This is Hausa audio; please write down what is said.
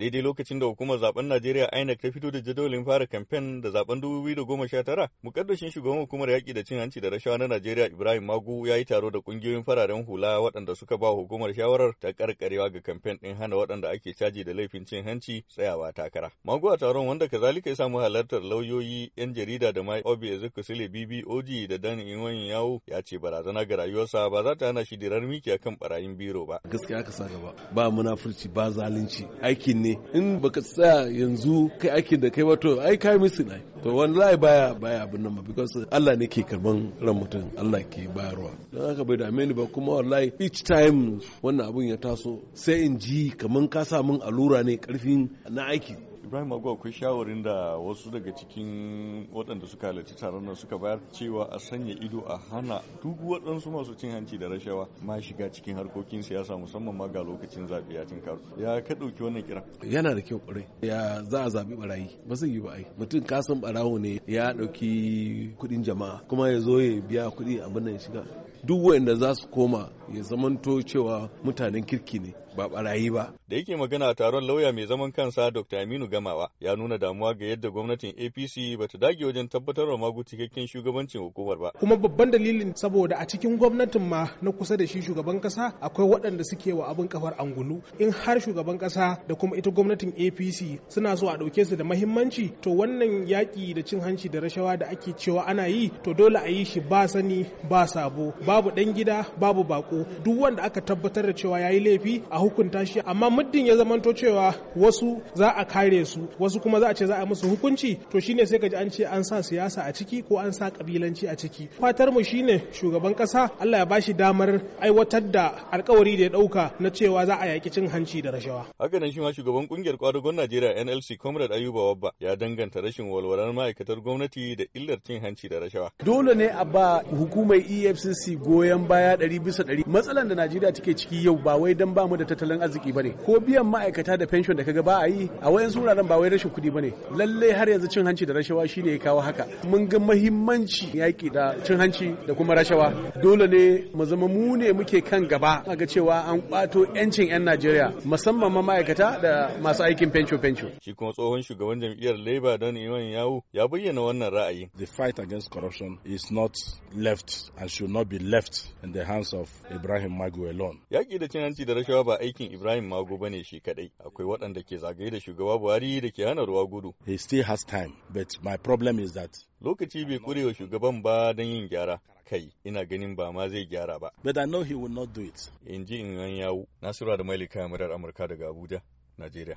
daidai lokacin da hukumar zaben Najeriya INEC ta fito da jadawalin fara kamfen da zaben 2019 mukaddashin shugaban hukumar yaƙi da cin hanci da rashawa na Najeriya Ibrahim Magu ya yi taro da kungiyoyin fararen hula waɗanda suka ba hukumar shawarar ta karkarewa ga kamfen ɗin hana waɗanda ake caji da laifin cin hanci tsayawa takara. Magu a taron wanda kazalika ya samu halartar lauyoyi, 'yan jarida da mai Obi Ezekusile BBOG da Dan Inwan Yawo ya ce barazana ga rayuwarsa ba za ta hana shi dirar miki akan barayin biro ba. Gaskiya ka sa gaba ba munafurci ba zalunci aikin ne ne in baka tsaya yanzu kai aikin da kai wato ai kai misi ne to wallahi baya baya abin nan ba because Allah ne ke karban ran mutum Allah ke bayarwa don haka bai dame ni ba kuma wallahi each time wannan abun ya taso sai in ji kaman ka sa min allura ne karfin na aiki ibrahim agwa akwai shawarin da wasu daga cikin waɗanda suka halarci taron nan suka bayar cewa a sanya ido a hana duk waɗansu masu cin hanci da rashawa ma shiga cikin harkokin siyasa musamman ma ga lokacin zaɓe ya cin karo ya ka ɗauki wannan kira yana da kyau kwarai ya za a zaɓi barayi ba zai yi ba ai mutum kasan barawo ne ya ɗauki kuɗin jama'a kuma ya zo ya biya kuɗi abin nan shiga duk wanda za su koma ya zamanto cewa mutanen kirki ne ba barayi ba. Da yake magana a taron lauya mai zaman kansa Dr. Aminu Gamawa ya nuna damuwa ga yadda gwamnatin APC ba ta dage wajen tabbatar wa magu cikakken shugabancin hukumar ba. Kuma babban dalilin saboda a cikin gwamnatin ma na kusa da shi shugaban kasa akwai waɗanda suke wa abin kafar angulu in har shugaban kasa da kuma ita gwamnatin APC suna so a ɗauke su da mahimmanci to wannan yaƙi da cin hanci da rashawa da ake cewa ana yi to dole a yi shi ba sani ba sabo babu ɗan gida babu baƙo, duk wanda aka tabbatar da cewa ya yi laifi a hukunta shi amma muddin ya zamanto cewa wasu za a kare su wasu kuma za a ce za a musu hukunci to shine sai ka ji an ce an sa siyasa a ciki ko an sa kabilanci a ciki fatar mu shine shugaban kasa Allah ya bashi damar aiwatar da alkawari da ya dauka na cewa za a yaki cin hanci da rashawa haka nan shi ma shugaban kungiyar kwadugon Najeriya NLC Comrade Ayuba Wabba ya danganta rashin walwalar ma'aikatar gwamnati da illar cin hanci da rashawa dole ne a ba hukumar EFCC goyon baya 100 bisa 100 matsalar da Najeriya take ciki yau ba wai dan ba mu da tattalin arziki bane ko biyan ma'aikata da pension da kaga ba a yi a wayan suraren ba wai rashin kuɗi bane lalle har yanzu cin hanci da rashawa shine ya kawo haka mun ga mahimmanci yaki da cin hanci da kuma rashawa dole ne mu zama mu ne muke kan gaba ga cewa an kwato yancin yan Najeriya musamman ma ma'aikata da masu aikin pension pension shi kuma tsohon shugaban jam'iyyar Labour don Iwan Yawu ya bayyana wannan ra'ayi the fight against corruption is not left and should not be left in the hands of Ibrahim Magu alone yaki da cin hanci da rashawa ba aikin Ibrahim Mago bane shi kadai. Akwai waɗanda ke zagaye da shugaba Buhari da ke hana ruwa gudu. He still has time, but my problem is that lokaci bai kurewa shugaban ba don yin gyara kai ina ganin ba ma zai gyara ba. But I know he will not do it. In ji in yawo Nasiru da Malika Murar Amurka daga Abuja, Najeriya.